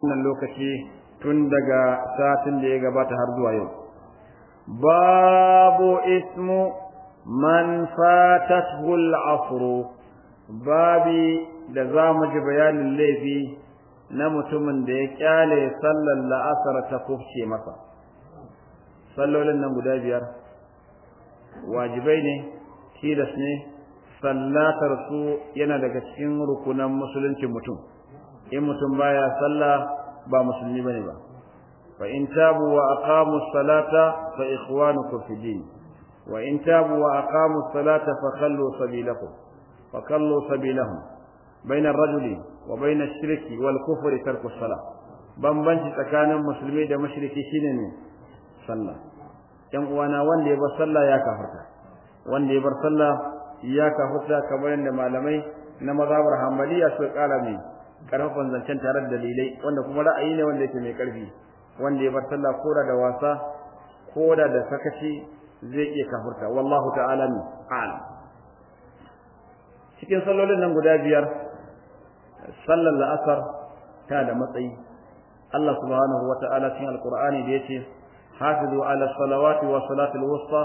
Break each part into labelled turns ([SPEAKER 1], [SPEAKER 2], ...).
[SPEAKER 1] wannan lokaci tun daga satin da ya gabata har zuwa yau babu ismu man fatatuhu al babi da za mu ji bayanin laifi na mutumin da ya kyale sallar la'asar ta kufce masa sallolin nan guda biyar wajibai ne tilas ne sallatar su yana daga cikin rukunan musuluncin mutum in mutum baya sallah ba musulmi bane ba fa in tabu wa aqamu salata fa ikhwanukum fi din wa in tabu wa aqamu salata fa khallu sabilakum fa khallu sabilahum bayna ar-rajuli wa bayna ash-shirki wal kufri tarku as-salah bambanci tsakanin musulmi da mushriki shine ne sallah dan uwana wanda ya bar sallah ya kafarta wanda ya bar sallah ya kafarta kamar yadda malamai na mazhabar hanbaliya suka kala mai karfafan zancen tare da dalilai wanda kuma ra'ayi ne wanda yake mai karfi wanda ya bar sallah ko da wasa ko da sakaci zai iya kafurta wallahu ta'ala a'lam cikin sallolin nan guda biyar sallar la'asar ta da matsayi Allah subhanahu wa ta'ala cikin alqur'ani da yace hafizu ala salawati wa salatil wusta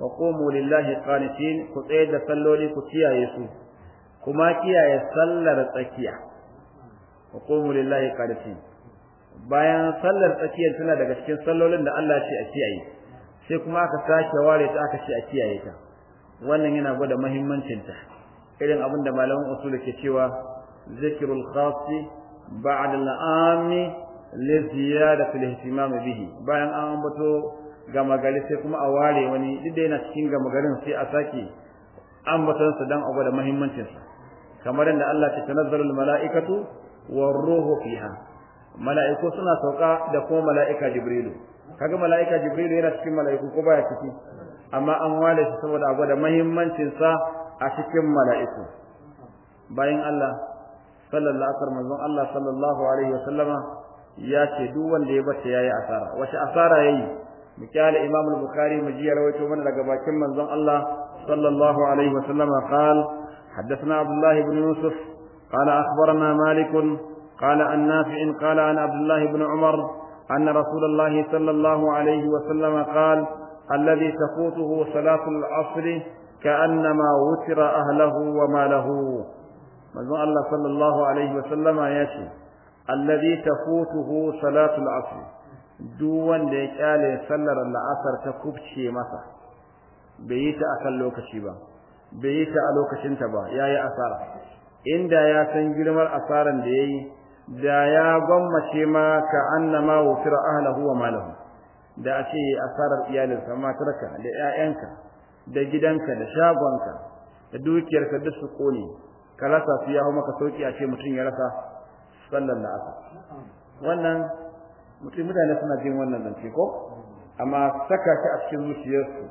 [SPEAKER 1] wa qumu lillahi qanitin ku tsaye da salloli ku kiyaye su kuma kiyaye sallar tsakiya wa qumu lillahi bayan sallar tsakiyar tana daga cikin sallolin da Allah ce a kiyaye sai kuma aka sake ware ta aka ce a kiyaye ta wannan yana gwada muhimmancin ta irin abin da malaman usul ke cewa zikrul khassi ba'da al'ami li ziyadati al-ihtimam bihi bayan an ambato gama gari sai kuma a ware wani duk yana cikin gama garin sai a sake ambaton sa dan a gwada muhimmancin sa kamar yadda Allah ta tanazzalul mala'ikatu warruhu fiha mala'iku suna sauka da kuma mala'ika jibrilu kaga mala'ika jibrilu yana cikin mala'iku ko ba ya ciki amma an wale saboda abu da muhimmancin sa a cikin mala'iku bayan Allah sallallahu alaihi wasallam manzon Allah sallallahu alaihi ya ce duk wanda ya bata yayi asara wace asara yayi mikyala imam al-bukhari mu jiya rawaito mana daga bakin manzon Allah sallallahu alaihi wasallama qala حدثنا عبد الله بن يوسف قال أخبرنا مالك قال عن نافع قال عن عبد الله بن عمر أن رسول الله صلى الله عليه وسلم قال الذي تفوته صلاة العصر كأنما وتر أهله وماله مجموع الله صلى الله عليه وسلم ياتي الذي تفوته صلاة العصر دون ليكال صلى العصر تكبشي مسا بيت أكلوك شيبا بيت ألوكشي شنتبا يا يا أسارة inda ya san girmar asaran da yayi da ya gwammace ma ka annama wufira ahlahu wa malahu da a asarar ma matarka da 'ya'yanka da gidanka da shagonka da dukiyarka duk su kone ka rasa su ya maka sauki a ce ya rasa sallar da asa wannan mutum mutane suna jin wannan zance ko amma saka shi a cikin zuciyarsu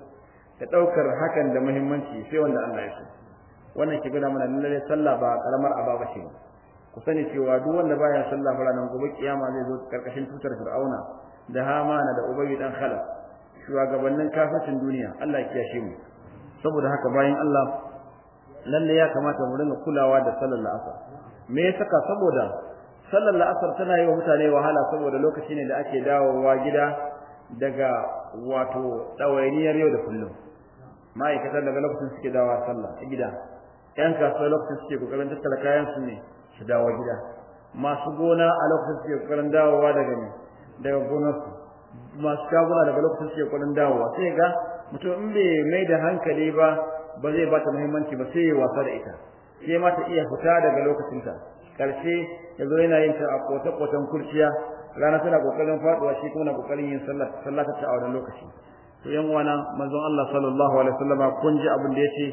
[SPEAKER 1] da ɗaukar hakan da muhimmanci sai wanda Allah ya so wannan ke gina mana lalle sallah ba karamar ababa shi ba ku sani cewa duk wanda baya sallah ranar gobe kiyama zai zo karkashin tutar fir'auna da hamana da ubayi dan khalaf shugabannin kafircin duniya Allah ya kiyashe mu saboda haka bayan Allah lalle ya kamata mu dinga kulawa da sallar la'asar me ya saka saboda sallar la'asar tana yi wa mutane wahala saboda lokaci ne da ake dawowa gida daga wato dawainiyar yau da kullum ma'aikatan daga lokacin suke dawowa sallah gida yan kasuwa lokacin suke kokarin tattala kayan su ne su dawo gida masu gona a lokacin suke kokarin dawowa daga ne daga su masu shaguna daga lokacin suke kokarin dawowa sai ga mutum in bai mai da hankali ba ba zai bata muhimmanci ba sai ya wasa da ita sai ma ta iya fita daga lokacinta karshe zo yana yin ta a kotan kurciya rana tana kokarin faduwa shi kuma na kokarin yin sallah sallah ta a wannan lokaci to yan uwana manzon Allah sallallahu alaihi wasallam kun ji abin da yace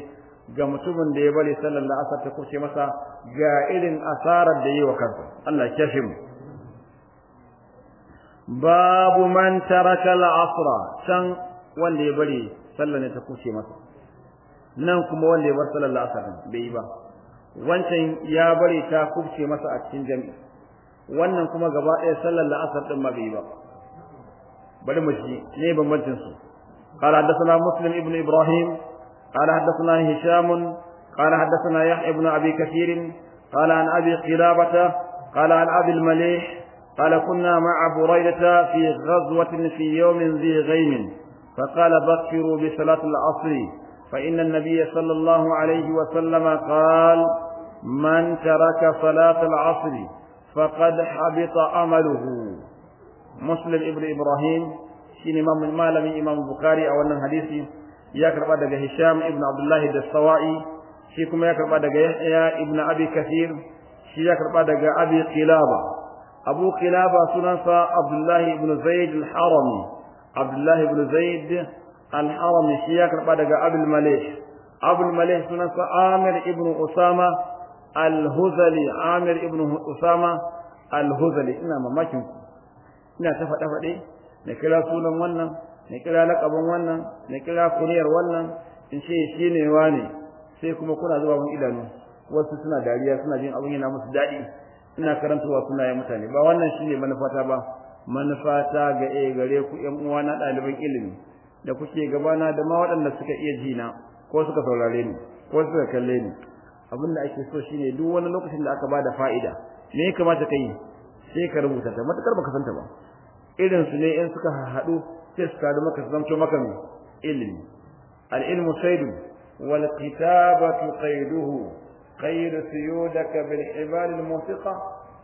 [SPEAKER 1] ga mutumin da ya bari sallar la'asar ta kuce masa ga irin asarar da yi wa kansa Allah ya kashe mu babu man taraka al-asra san wanda ya bari sallar ne ta kuce masa nan kuma wanda ya bar sallar la'asar bai ba wancan ya bari ta kuce masa a cikin jami'i wannan kuma gaba ɗaya sallar la'asar din ma bai ba bari mu shi ne bambancin su قال حدثنا مسلم ابن ابراهيم قال حدثنا هشام قال حدثنا يحيى بن أبي كثير قال عن أبي قلابة قال عن أبي المليح قال كنا مع بريدة في غزوة في يوم ذي غيم فقال بكروا بصلاة العصر فإن النبي صلى الله عليه وسلم قال من ترك صلاة العصر فقد حبط عمله مسلم ابن إبراهيم شين إمام المالمي إمام البخاري أو أن الحديث يا كربا دغه هشام ابن عبد الله الدستوائي شي كما يا كربا دغه يا ابن ابي كثير شي يا كربا دغه ابي قلابه ابو قلابه سننص عبد الله بن زيد الحرمي عبد الله بن زيد الحرمي شي يا كربا دغه ابو المليح ابو المليح سننص عامر ابن اسامه الهزلي عامر ابن اسامه الهزلي انما ما ina ta fada fade ne kira sunan na kira lakabin wannan na kira kuniyar wannan in ce shi ne wa ne, sai kuma kuna zuwa mun idanu wasu suna dariya suna jin abin yana musu daɗi ina karantawa suna ya mutane ba wannan shine manufata ba manufata ga eh gare ku ƴan uwa na ɗaliban ilimi da kuke gabana da ma waɗanda suka iya jina ko suka saurare ni ko suka kalle ni abin da ake so shine duk wani lokacin da aka bada fa'ida me ya kamata kai sai ka rubuta ta matakar baka santa ba irin su ne in suka haɗu sai su kada maka zanto maka ne ilmi al-ilmu saydu wal kitabatu qayduhu qayd siyudaka bil hibal al-muthiqa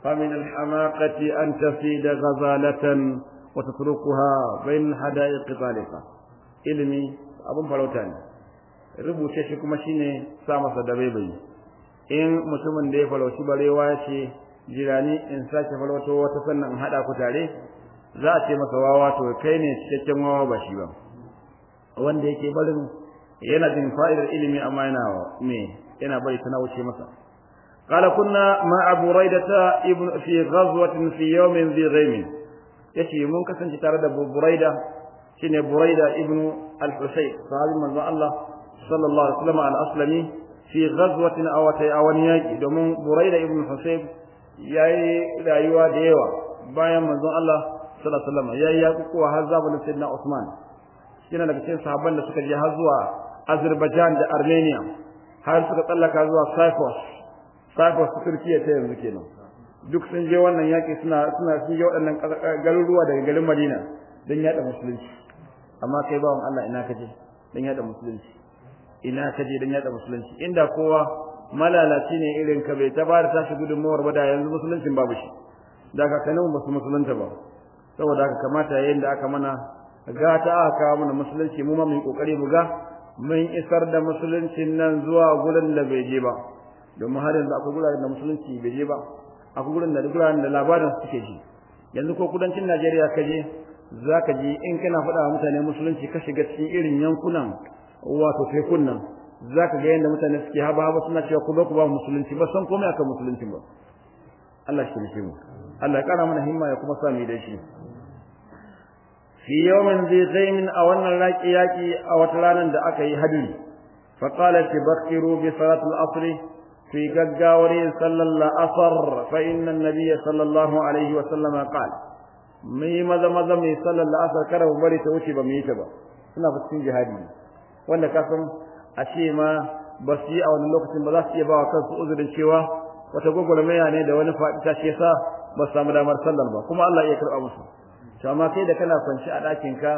[SPEAKER 1] فمن الحماقة أن تفيد غزالة وتتركها بين الحدائق طالقة ilmi abun farauta ne rubuce shi kuma shine sa masa dabaibai in mutumin da ya farauci barewa ce jirani in sake farauto wata sannan in hada ku tare za a ce masa wawa to kai ne cikakken wawa ba shi ba wanda yake barin yana jin fa'idar ilimi amma yana me yana bari wuce masa qala kunna ma abu raidata ibn fi ghazwatin fi yawmin dhi ghaym yace mun kasance tare da buraida shine buraida ibn al-husayn sahabi manzo Allah sallallahu alaihi wasallam al-aslami fi ghazwatin aw tayawaniyaki domin buraida ibn husayn yayi rayuwa da yawa bayan manzo Allah sallallahu alaihi wasallam yayi yakuwa har na sayyidina Uthman yana daga cikin sahabban da suka je har zuwa Azerbaijan da Armenia har suka tsallaka zuwa Cyprus Cyprus Turkiya ta yanzu kenan duk sun je wannan yaki suna suna sun je waɗannan garuruwa daga garin Madina don yada musulunci amma kai bawon Allah ina kaje don yada musulunci ina kaje don yada musulunci inda kowa malalaci ne irin ka bai ta shi gudun tashi gudunmawar ba da yanzu musuluncin babu shi daga kakanin ba musulunta ba saboda haka kamata yayin da aka mana gata aka kawo mana musulunci mu ma mu yi kokari mu ga mun isar da musuluncin nan zuwa gurin da bai je ba domin har yanzu akwai guraren da musulunci bai je ba akwai gurin da guraren da labarin suke ji yanzu ko kudancin Najeriya ka je zaka ji in kana faɗa wa mutane musulunci ka shiga cikin irin yankunan wato tekun nan zaka ga yanda mutane suke haba haba suna cewa ku ba ku ba musulunci ba san komai akan musulunci ba Allah shi ne mu Allah ya kara mana himma ya kuma sa mu da shi fi yawmin zai zaimin a wannan raƙi yaƙi a wata ranar da aka yi hadiri faƙalar ki bakiru bi salatul asri fi gaggawar yin sallar la'asar fa inna nabiya sallallahu alaihi wa sallama qala mai maza maza mai sallar la'asar kada mu bari ta wuce ba mu yi ta ba suna fuskin jihadi wanda kasan ashe a ma ba su yi a wani lokacin ba za su iya ba wa kansu uzurin cewa wata gwagwarmaya ne da wani faɗi ta shi yasa ba su samu damar sallar ba kuma Allah ya karɓa musu to amma kai da kana kwanci a ɗakin ka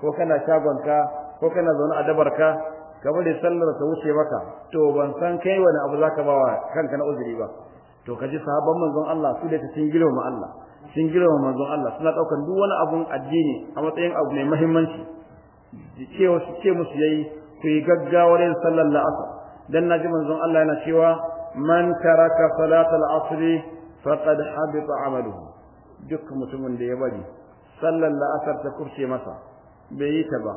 [SPEAKER 1] ko kana shagon ka ko kana zaune a dabar ka ka bari sallar ta wuce maka to ban san kai wani abu zaka ba wa kanka na uzuri ba to ka ji sahabban manzon Allah su da sun ma Allah sun manzon Allah suna ɗaukar duk wani abun addini a matsayin abu mai muhimmanci cewa su ce musu yayi ku yi gaggawar yin sallar la'asar dan naji manzon Allah yana cewa man taraka salatul asr faqad habita amaluhu duk mutumin da ya bari sallar la'asar ta kurce masa bai yi ta ba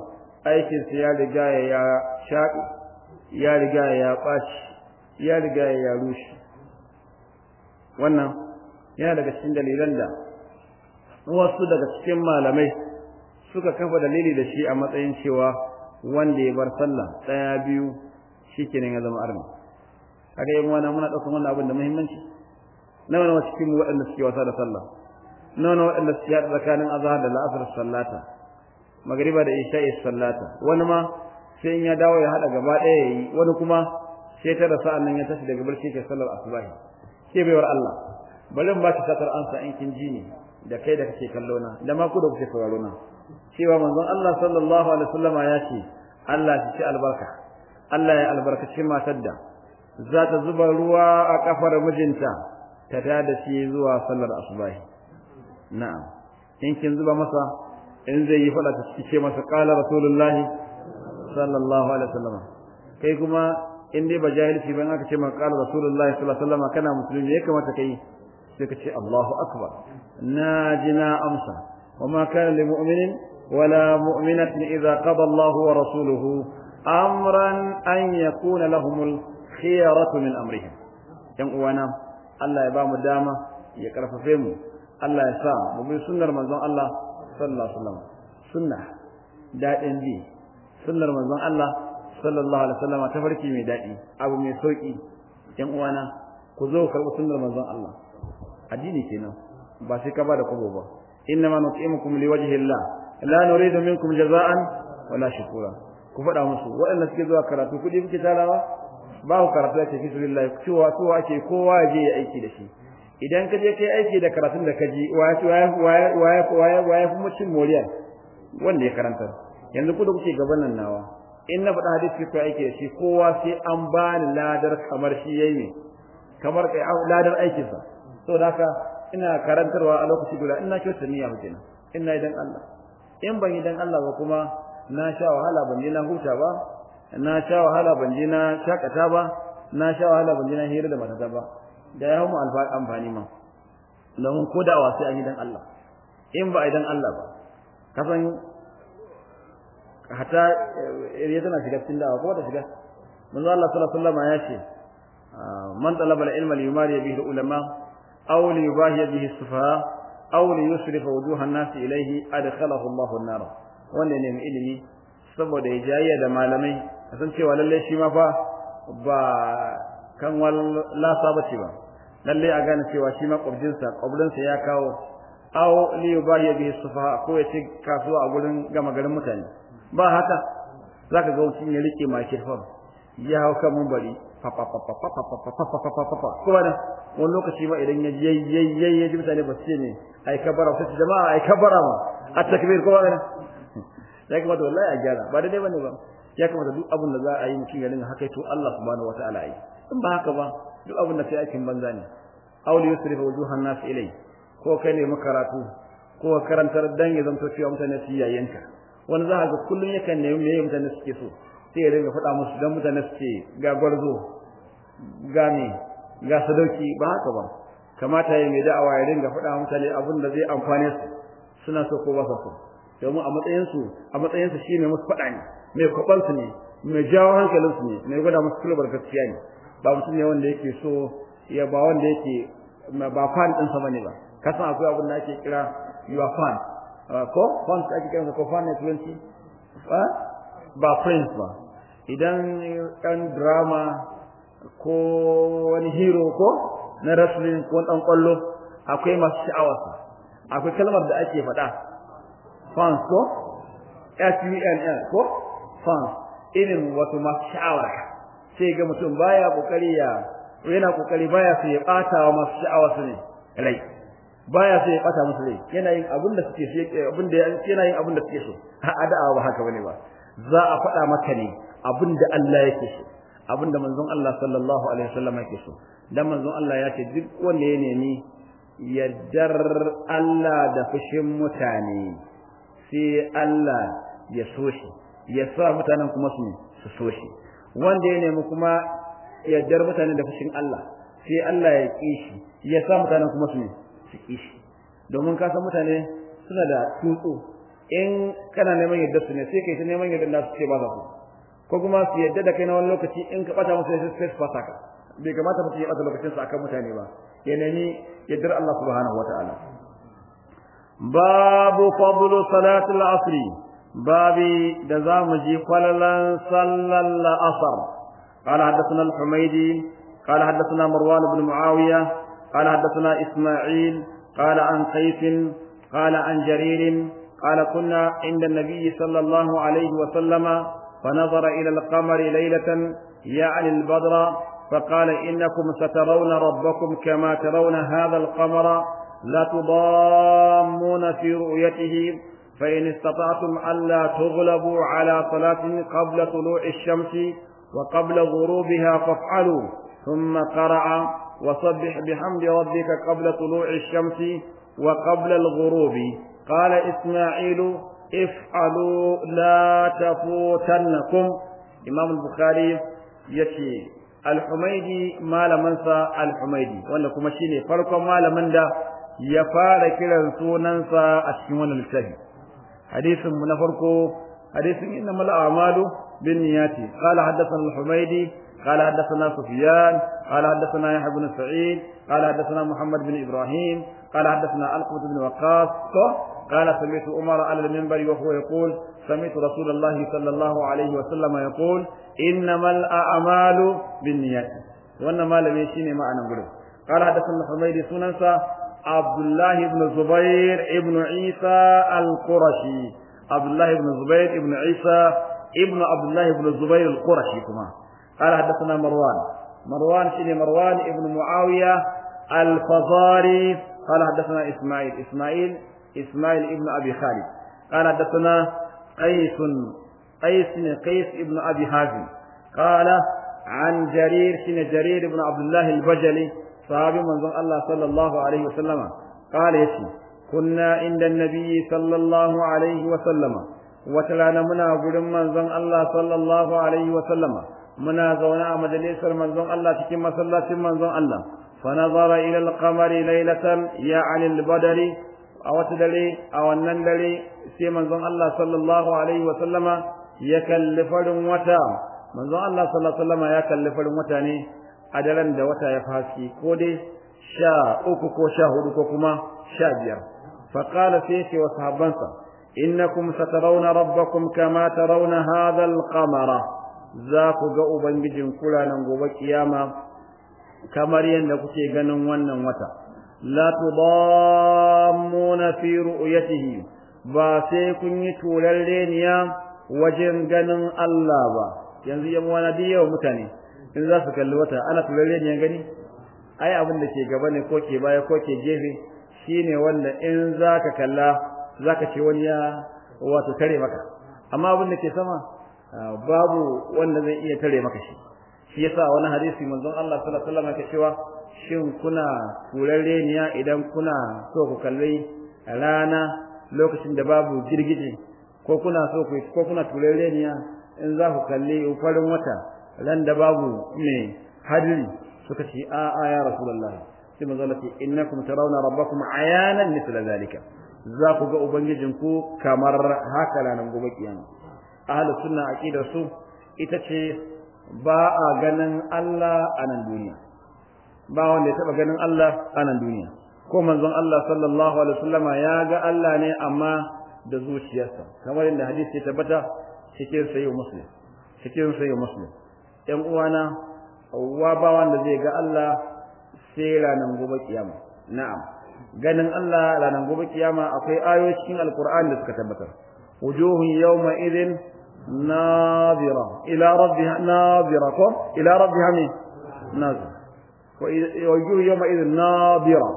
[SPEAKER 1] aikin sa ya riga ya shaɗi ya riga ya ɓaci ya riga ya rushe wannan yana daga cikin dalilan da wasu daga cikin malamai suka kafa dalili da shi a matsayin cewa wanda ya bar sallah ɗaya biyu shikenan ya zama arna kaga yan wana muna ɗaukar wannan abin da muhimmanci na wani cikin waɗanda suke wasa da sallah nono waɗanda su yaɗa tsakanin azahar da la'asar sallata magariba da isha'i sallata wani ma sai in ya dawo ya haɗa gaba ɗaya ya yi wani kuma sai ta rasa nan ya tashi daga barci ke sallar asubahi ke baiwar Allah bari in ba ki sakar ansa in kin ji ni. da kai da kake kallo na da ma ku da kuke sauraro na cewa manzon Allah sallallahu alaihi wasallam ya ce Allah ya ci albarka Allah ya albarkaci matar da za ta zuba ruwa a kafar mijinta ta tada shi zuwa sallar asubahi na'am in kin zuba masa in zai yi faɗa ta cike masa rasulullahi sallallahu alaihi wasallam kai kuma in dai ba jahilci ban aka ce maka qala rasulullahi sallallahu alaihi wasallam kana musulmi ne kamata kai sai ka ce Allahu akbar najina amsa wama kana lil mu'minin wala mu'minatin idza qada Allahu wa rasuluhu amran an yakuna lahumul khiyaratu min amrihim yan uwana Allah ya ba mu dama ya karfafe mu Allah ya sa mu bi sunnar manzon Allah sallallahu alaihi wasallam sunna daɗin ji sunnar manzon Allah sallallahu alaihi wasallam ta farki mai daɗi, abu mai sauki yan uwana ku zo karɓi sunnar manzon Allah addini kenan ba sai ka bada kwabo ba innama nutimukum liwajhi Allah la nuridu minkum jaza'an wala shukura ku faɗa musu waɗanda suke zuwa karatu kuɗi muke talawa ba ku karatu ake fi sabilillah cewa cewa ake kowa ya je ya aiki da shi idan ka je kai aiki da karatun da ka ji waye fi mutum moriyar wanda ya karanta yanzu ku da kuke gaban nan nawa in na faɗa hadisi ku aiki da shi kowa sai an ba ni ladar kamar shi yayi ne kamar kai ladar aikinsa saboda haka ina karantarwa a lokaci guda ina kyautar niyya mutum ina idan Allah in ban idan Allah ba kuma na sha wahala ban je na huta ba na sha wahala ban je na shakata ba na sha wahala ban je na hira da matata ba da ya mu amfani ma domin ko da wasu an yi dan Allah in ba a yi dan Allah ba ka san hatta eh, ya tana shiga cikin dawa ko ta shiga manzo Allah sallallahu alaihi wasallam ya ce ah, man talaba al-ilma li yumari bihi ulama aw li yubahi bihi sufaha aw li yusrifa wujuha an-nas ilayhi adkhalahu Allahu an-nar Wannan ne mai ilimi saboda ya jayya da malamai san cewa lalle shi ma fa ba kan wal la sabace ba lalle a gane cewa shi ma makwabcinsa kwablinsa ya kawo aw li yubahi bi sufaha ko ya ci kasuwa a gurin gama garin mutane ba haka zaka ga mutum ya rike microphone ya hau kan pa kuma da wani lokaci ma idan ya yayyayi ya ji mutane ba su ce ne ai kabara sai jama'a ai kabara ma a takbir kuma da ya kamata wallahi a gyara ba dai bane ba ya kamata duk abin da za a yi mutum ya rinka haka to Allah subhanahu wataala yi in ba haka ba duk abin da sai aikin banza ne aw li yusrifa wujuhan nas ilai ko kai ne makaratu ko karantar dan ya zanto cewa mutane su yayyanka wani za ga kullun yakan nemi meye mutane suke so sai ya ringa faɗa musu dan mutane suke ga gwarzo ga ne ga sadauki ba haka ba kamata ya mai da'awa ya ringa faɗa mutane abin da zai amfane su suna so ko ba so domin a matsayin su a matsayin su shine musu faɗa ne mai kwabansu ne mai jawo hankalinsu ne mai gwada musu kulbar gaskiya ne ba mutum ne wanda yake so ya ba wanda yake ba fan din sa bane ba kasan akwai abin da ake kira your fan ah, ko fan ake kira ko fan ne 20 ba prince ba idan ɗan drama ko wani hero ko na wrestling ko ɗan ƙwallo akwai masu sha'awarsa akwai kalmar da ake faɗa fans ko f u n l ko fans irin wato masu sha'awarka sai ga mutum baya kokari ya yana kokari baya sai ya bata wa masu sha'awa su ne rai baya sai ya bata musu rai yana yin abin da suke sai abin da yana yin abin da suke so a da'awa ba haka bane ba za a faɗa maka ne abin da Allah yake so abin da manzon Allah sallallahu alaihi wasallam yake so dan manzon Allah ya ce duk wanda ya nemi yaddar Allah da fushin mutane sai Allah ya so shi ya sa mutanen kuma su so shi wanda ya nemi kuma ya jar mutane da fushin Allah sai Allah ya ki shi ya sa mutane kuma su su ki shi domin ka san mutane suna da tutsu in kana neman yadda su ne sai kai ta neman yadda nasu ce ba za su ko kuma su yadda da kai na wani lokaci in ka bata musu sai su fasa ka bai kamata mutum ya bata lokacin sa akan mutane ba ya nemi yaddar Allah subhanahu wataala babu fadlu salatul asri بابي دزام جي قللن صلى الأصر قال حدثنا الحميدي قال حدثنا مروان بن معاوية قال حدثنا إسماعيل قال عن قيس قال عن جرير قال كنا عند النبي صلى الله عليه وسلم فنظر إلى القمر ليلة يعني البدر فقال إنكم سترون ربكم كما ترون هذا القمر لا تضامون في رؤيته فإن استطعتم ألا تغلبوا على صلاة قبل طلوع الشمس وقبل غروبها فافعلوا ثم قرأ وسبح بحمد ربك قبل طلوع الشمس وقبل الغروب قال إسماعيل افعلوا لا تفوتنكم إمام البخاري يكي الحميدي ما لمنسى الحميدي وأنا كما شيني فرق ما لمن ده يفارق ننسى الشمون الكهي hadisin mu na farko hadisin inna mal a'malu bin niyyati qala haddathana al-humaydi qala haddathana sufyan qala haddathana yahya sa'id qala haddathana muhammad bin ibrahim qala haddathana alqamah bin waqas قال سمعت عمر على المنبر وهو يقول سمعت رسول الله صلى الله عليه وسلم يقول إنما الأعمال بالنيات وإنما لم يشين ما قال حدثنا حميد عبد الله بن زبير ابن عيسى القرشي عبد الله بن زبير ابن عيسى ابن عبد الله بن زبير القرشي كما قال حدثنا مروان مروان شنو مروان ابن معاوية الفضاري قال حدثنا إسماعيل إسماعيل إسماعيل ابن أبي خالد قال حدثنا قيس قيس قيس ابن أبي حازم قال عن جرير شن جرير بن عبد الله البجلي sahabin manzon Allah sallallahu alaihi wasallama kala yace kunna inda nabi sallallahu alaihi wasallama wata rana muna gurin manzon Allah sallallahu alaihi wasallama muna zaune a majalisar manzon Allah cikin masallacin manzon Allah fa nazara ila al-qamari laylatan ya'ni al-badri a wata dare a wannan dare sai manzon Allah sallallahu alaihi wasallama ya kalli farin wata manzon Allah sallallahu alaihi wasallama ya kalli farin wata ne a daren da wata ya fasi ko dai sha uku ko sha hudu ko kuma sha biyar faƙala sai yake wa sahabbansa innakum satarawna rabbakum kama tarawna hadha alqamara za ku ga ubangijin kula nan gobe kiyama kamar yadda kuke ganin wannan wata la tudammuna fi ru'yatihi ba sai kun yi turarreniya wajen ganin Allah ba yanzu yan wani mutane in za su kalli wata ana turare ne gani ai abin da ke gaba ne ko ke baya ko ke gefe shine wanda in za ka kalla za ka ce wani ya wato tare maka amma abin da ke sama babu wanda zai iya tare maka shi shi yasa wani hadisi manzon Allah sallallahu alaihi wasallam ya cewa shin kuna turare ne idan kuna so ku kalli rana lokacin da babu girgije ko kuna so ku ko kuna turare ne in za ku kalli farin wata lan da babu me hadiri suka ce a a ya rasulullahi sai manzo Allah ce innakum tarawna rabbakum ayanan mithla zalika za ku ga ubangijin ku kamar haka ranar gobe kiyama ahlus sunna aqidar su ita ce ba a ganin Allah a nan duniya ba wanda ya taba ganin Allah a nan duniya ko manzon Allah sallallahu alaihi wasallam ya ga Allah ne amma da zuciyarsa kamar inda hadisi ya tabbata cikin sayyid muslim cikin sayyid muslim yan uwana wa ba wanda zai ga Allah sai ranar gobe kiyama na'am ganin Allah ranar gobe kiyama akwai ayoyi cikin alqur'ani da suka tabbatar wujuhun yawma idhin nadira ila rabbiha nadira ko ila rabbiha ne nazira wujuhun yawma idhin nadira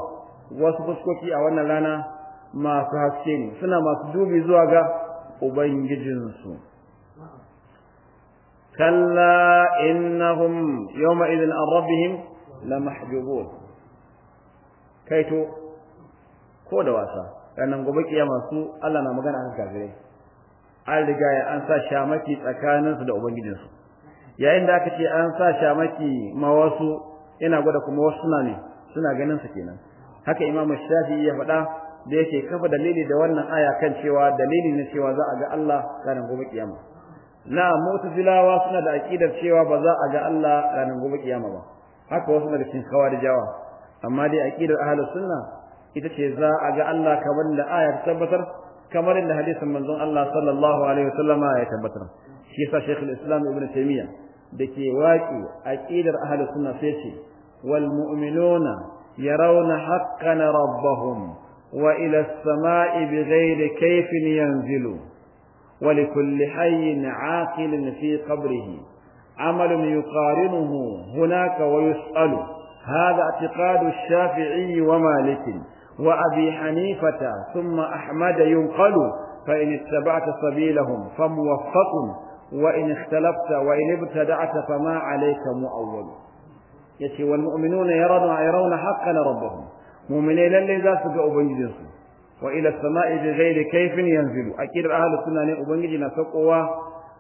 [SPEAKER 1] wasu fuskoki a wannan rana masu haske ne suna masu dubi zuwa ga ubangijinsu كلا إنهم يومئذ عن ربهم لمحجوبون كيتو كودا واسا ranar gobe kiyama su Allah na magana akan kafirai an riga ya an sa shamaki tsakanin su da ubangijin su yayin da aka ce an sa shamaki ma wasu ina gwada kuma wasu suna ne suna ganin su kenan haka Imam Shafi'i ya faɗa da yake kafa dalili da wannan aya kan cewa dalili ne cewa za a ga Allah ranar gobe kiyama na mutazilawa suna da aqidar cewa ba za a ga Allah ranar gobe kiyama ba haka wasu daga cikin kawarijawa amma dai aqidar ahlus sunna ita ce za a ga Allah kamar da aya ta tabbatar kamar da hadisin manzon Allah sallallahu alaihi wasallama ya tabbatar shi yasa Sheikhul Islam Ibn Taymiyyah dake waki aqidar ahlus sunna sai ce wal mu'minuna yarawna haqqan rabbahum wa ila as-sama'i bighayri kayfin yanzilu ولكل حي عاقل في قبره عمل يقارنه هناك ويسأل هذا اعتقاد الشافعي ومالك وأبي حنيفة ثم أحمد ينقل فإن اتبعت سبيلهم فموفق وإن اختلفت وإن ابتدعت فما عليك مؤول يتي والمؤمنون يرون حقنا حقا ربهم مؤمنين للي ذا سجأ بنجدهم wa ila sama'i bi ghairi kayfin yanzilu akidar ahlus sunna ne ubangiji na sakowa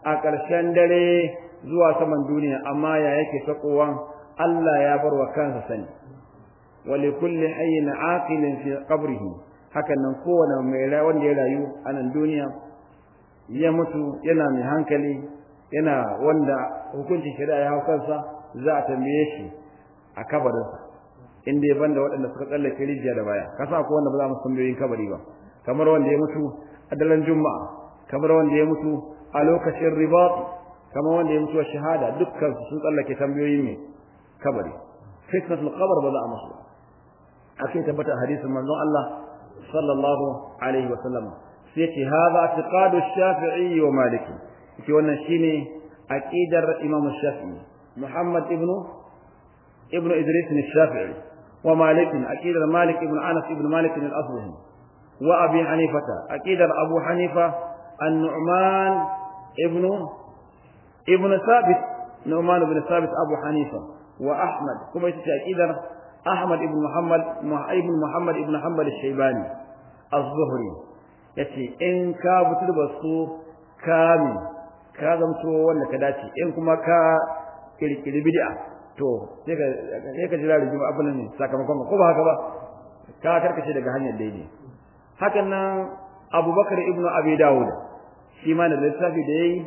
[SPEAKER 1] a ƙarshen dare zuwa saman duniya amma ya yake sakowan Allah ya bar wa kansa sani wa li kulli ayyin aqilin fi qabrihi hakan nan kowane mai rayuwa wanda ya rayu a nan duniya ya mutu yana mai hankali yana wanda hukuncin shari'a ya hau kansa za a tambaye shi a kabarinsa in dai banda waɗanda suka tsallake rijiya da baya kasa ko wanda ba za mu tambayoyin kabari ba kamar wanda ya mutu a daren juma'a kamar wanda ya mutu a lokacin ribat kamar wanda ya mutu a shahada dukkan su sun tsallake tambayoyin ne kabari fitnatul qabr ba za a musu akai tabbata hadisin manzon Allah sallallahu alaihi wa sallam sai ce hada i'tiqadu shafi'i wa maliki yake wannan shine aqidar imam shafi'i muhammad ibnu ibnu idris al-shafi'i ومالك أكيد مالك بن أنس بن مالك الأصلهم وأبي حنيفة أكيد أبو حنيفة النعمان ابن ابن ثابت نعمان بن ثابت أبو حنيفة وأحمد كما أكيد أحمد بن محمد ابن محمد بن حنبل الشيباني الظهري يتي إن ka fitu كامل كاظم kami ولا كداتي إن كما كا كلي كلي ka to sai ka jira rigima abin ne sakamakon ko ba haka ba ka karkace daga hanyar daidai hakan nan Abubakar ibn Abi Dawud shi ma da littafi da yayi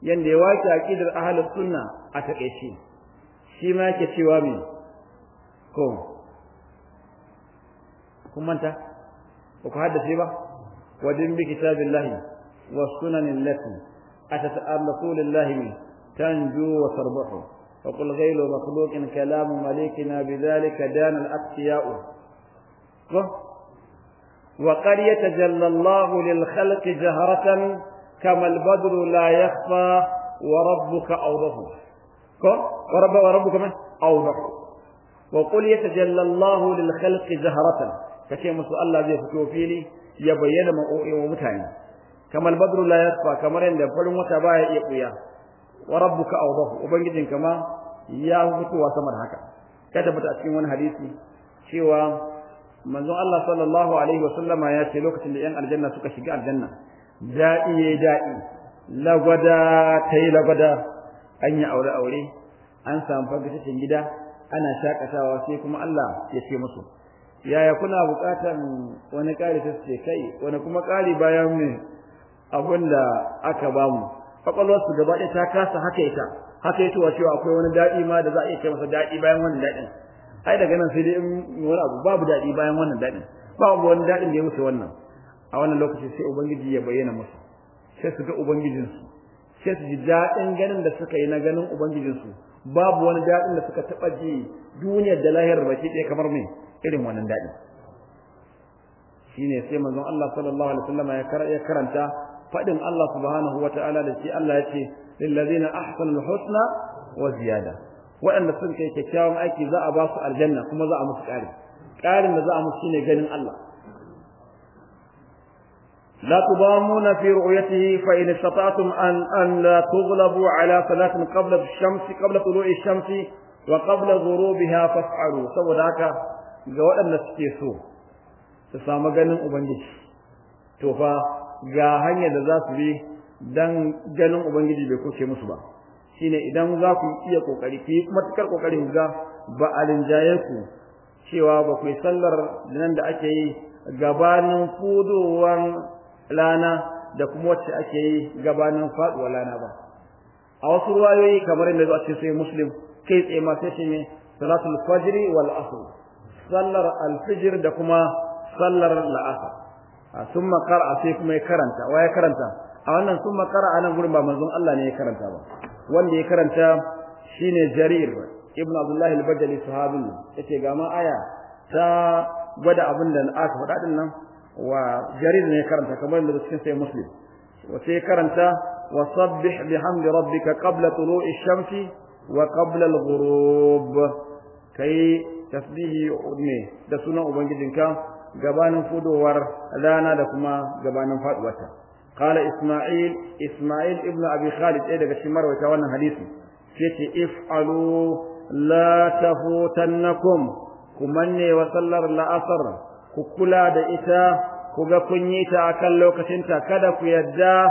[SPEAKER 1] yanda ya wace aqidar ahlus sunna a takeice shi ma yake cewa me ko kun manta ko ku haddace ba wajen bi kitabillahi wa sunanin lati lillahi tanju wa tarbahu وقل غير مخلوق كلام مليكنا بذلك دان الأتقياء وقد يتجلى الله للخلق جهرة كما البدر لا يخفى وربك أوضح ورب وربك من أوضح وقل يتجلى الله للخلق جهرة كشيء مسؤول الله زي فتوفيني يبين ما ومتعين كما البدر لا يخفى كما رين فلم وتباهي يقويا wa rabbuka awdahu ubangijinka ma ya fitowa sama da haka ya tabbata a cikin wani hadisi cewa manzon Allah sallallahu alaihi wa ya ce lokacin da yan aljanna suka shiga aljanna da'i ya da'i lagwada tai lagwada an yi aure aure an samu fagacin gida ana shakatawa sai kuma Allah ya ce musu yaya kuna bukatan wani kari sai kai wani kuma kari bayan mu abinda aka bamu kwakwalwarsu gaba ɗaya ta kasa haka ita haka ita wa cewa akwai wani daɗi ma da za a iya kai masa daɗi bayan wannan daɗin ai daga nan sai dai in wani abu babu daɗi bayan wannan daɗin babu wani daɗin da ya wuce wannan a wannan lokaci sai ubangiji ya bayyana musu sai su ga ubangijinsu sai su ji daɗin ganin da suka yi na ganin ubangijinsu babu wani daɗin da suka taɓa ji duniyar da lahirar baki ɗaya kamar mai irin wannan daɗi shine sai manzon Allah sallallahu alaihi wasallam ya karanta Faɗin Allah subhanahu wataala da shi Allah ya ce lillazina ahsanul husna wa ziyada waɗanda sun kai kyakkyawan aiki za a ba su aljanna kuma za a musu ƙari ƙarin da za a musu shine ganin Allah لا تضامون في رؤيته فإن استطعتم أن, أن لا تغلبوا على صلاة قبل الشمس قبل طلوع الشمس وقبل غروبها فافعلوا saboda haka, ga waɗanda suke so su samu ganin ubangiji to fa ga hanyar da za su bi dan ganin ubangiji bai kuke musu ba shine idan za ku iya kokari ki matukar kokarin ga ba alinjaye ku cewa ba ku sallar nan da ake yi gabanin fuduwan lana da kuma wacce ake yi gabanin faduwar lana ba a wasu ruwayoyi kamar yadda zuwa cikin sai muslim kai tsaye ma sai shi ne salatul fajr wal asr sallar al-fajr da kuma sallar asr sun makara sai kuma ya karanta wa ya karanta a wannan sun makara a nan gurin ba manzon Allah ne ya karanta ba wanda ya karanta shine jarir ibn abdullah al-bajali sahabi yake ga ma aya ta gwada abin da aka faɗa din nan wa jarir ne ya karanta kamar da cikin sai muslim wa sai karanta wa sabbih bihamdi rabbika qabla tulu'i shamsi wa qabla al-ghurub kai tasbihi ne da sunan ubangijinka gabanin fudowar rana da kuma gabanin faduwarta qala isma'il isma'il ibnu abi khalid ɗaya daga cikin marwaita wannan hadisi yace if'alu la tafutannakum kumanne wa sallar la'asar ku kula da ita ku ga kun yi ta akan lokacinta kada ku yadda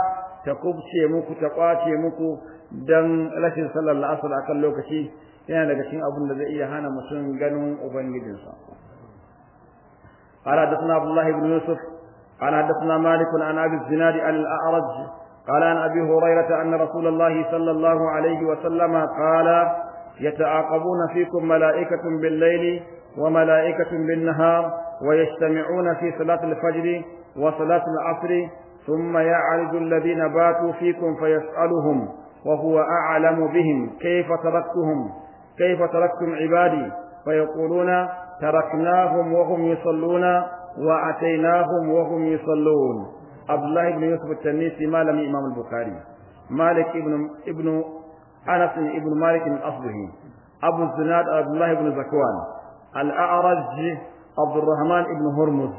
[SPEAKER 1] ta kubce muku ta kwace muku dan rashin sallar la'asar akan lokaci yana daga cikin abin da zai iya hana mutum ganin ubangijinsa قال حدثنا عبد الله بن يوسف قال حدثنا مالك عن ابي الزناد عن الاعرج قال عن ابي هريره ان رسول الله صلى الله عليه وسلم قال يتعاقبون فيكم ملائكه بالليل وملائكه بالنهار ويجتمعون في صلاه الفجر وصلاه العصر ثم يعرج الذين باتوا فيكم فيسالهم وهو اعلم بهم كيف تركتهم كيف تركتم عبادي فيقولون تركناهم وهم يصلون وأتيناهم وهم يصلون عبد الله بن يوسف التنيسي ما لم إمام البخاري مالك ابن ابن أنس ابن مالك من أصله أبو الزناد عبد الله بن زكوان الأعرج عبد الرحمن بن هرمز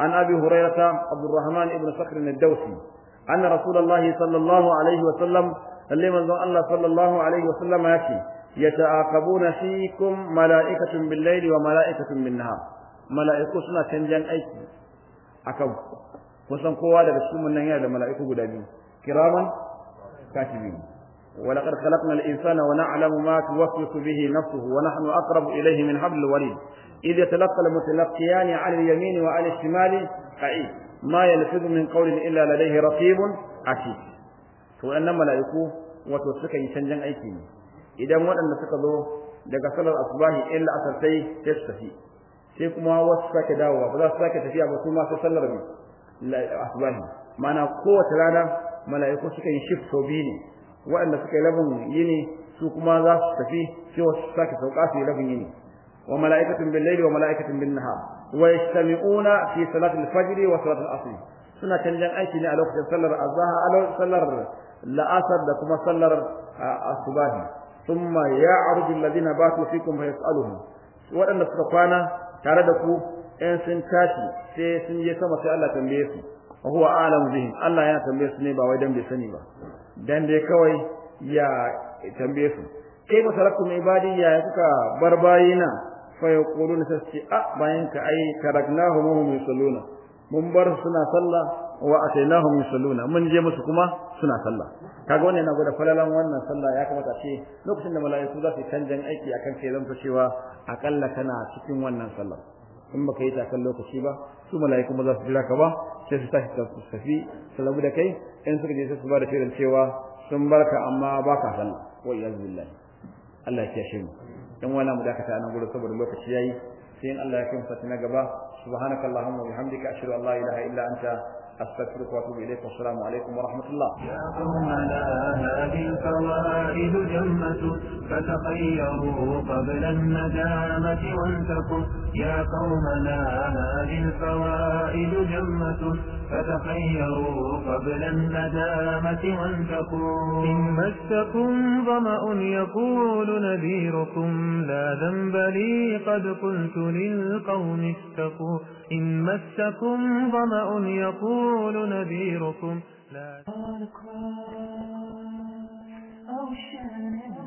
[SPEAKER 1] عن أبي هريرة عبد الرحمن بن صخر الدوسي أن رسول الله صلى الله عليه وسلم لمن الله صلى الله عليه وسلم يكفي يتعاقبون فيكم ملائكة بالليل وملائكة بالنهار ملائكة سنة تنجان أيكم أكبر مثلا قوالة بسهم النهية ملائكة قدامين كراما كاتبين ولقد خلقنا الإنسان ونعلم ما توفيق به نفسه ونحن أقرب إليه من حبل الوريد إذ يتلقى المتلقيان على اليمين وعلى الشمال قعيد ما يلفظ من قول إلا لديه رقيب عكيد فأنما لا يكون وتوسك يسنجن أي كيني idan waɗanda suka zo daga salar asbahi illa asar sai sai tafi sai kuma wasu sake dawowa ba za su sake tafiya ba su ma sai sallar asbahi mana kowace rana mala'iku suka yi shift biyu ne waɗanda suka yi labin yini su kuma za su tafi sai wasu sake sauka su yi labin yini wa mala'ikatun bil laili wa mala'ikatun bin nahar wa yastami'una fi salatil fajr wa salatil asr suna canjan aiki ne a lokacin sallar azhar a sallar la'asar da kuma sallar asubahi thumma ya'rudu alladhina batu fikum fayasaluhum waɗanda suka kwana tare da ku 'yan sun tashi sai sun je sama sai Allah tambaye su huwa a'lam bihim Allah yana tambaye su ne ba wai dan bai sani ba dan kawai ya tambaye su kai ba sarakum ibadi bar kuka barbayina fa yaquluna sassi a ah, bayan ka ai karagnahum hum yusalluna mun bar suna sallah wa atainahum yusalluna mun je musu kuma suna sallah kaga wannan yana gwada falalan wannan sallah ya kamata ce lokacin da mala'iku za su canjan aiki akan kai zan cewa akalla kana cikin wannan sallah in baka yi takan lokaci ba su mala'iku ba za su jira ka ba sai su tashi su tafi salamu da kai in suka je sai su ba da cewa sun barka amma baka sallah wa iyyazu billahi Allah ya kiyashe mu dan wala mu dakata nan gurin saboda lokaci yayi sai in Allah ya kimsa na gaba subhanakallahumma wa bihamdika ashhadu an la ilaha illa anta أستغفرك وأتوب إليك والسلام عليكم ورحمة الله يا قوم لا هذه الفوائد جمة فتخيروا قبل الندامة وانتقوا يا قوم لا هذه الفوائد جمة فتخيروا قبل الندامة وانتقوا إن مسكم ظمأ يقول نذيركم لا ذنب لي قد قلت للقوم اتقوا إن مسكم ظمأ يقول الرسول نذيركم لا أو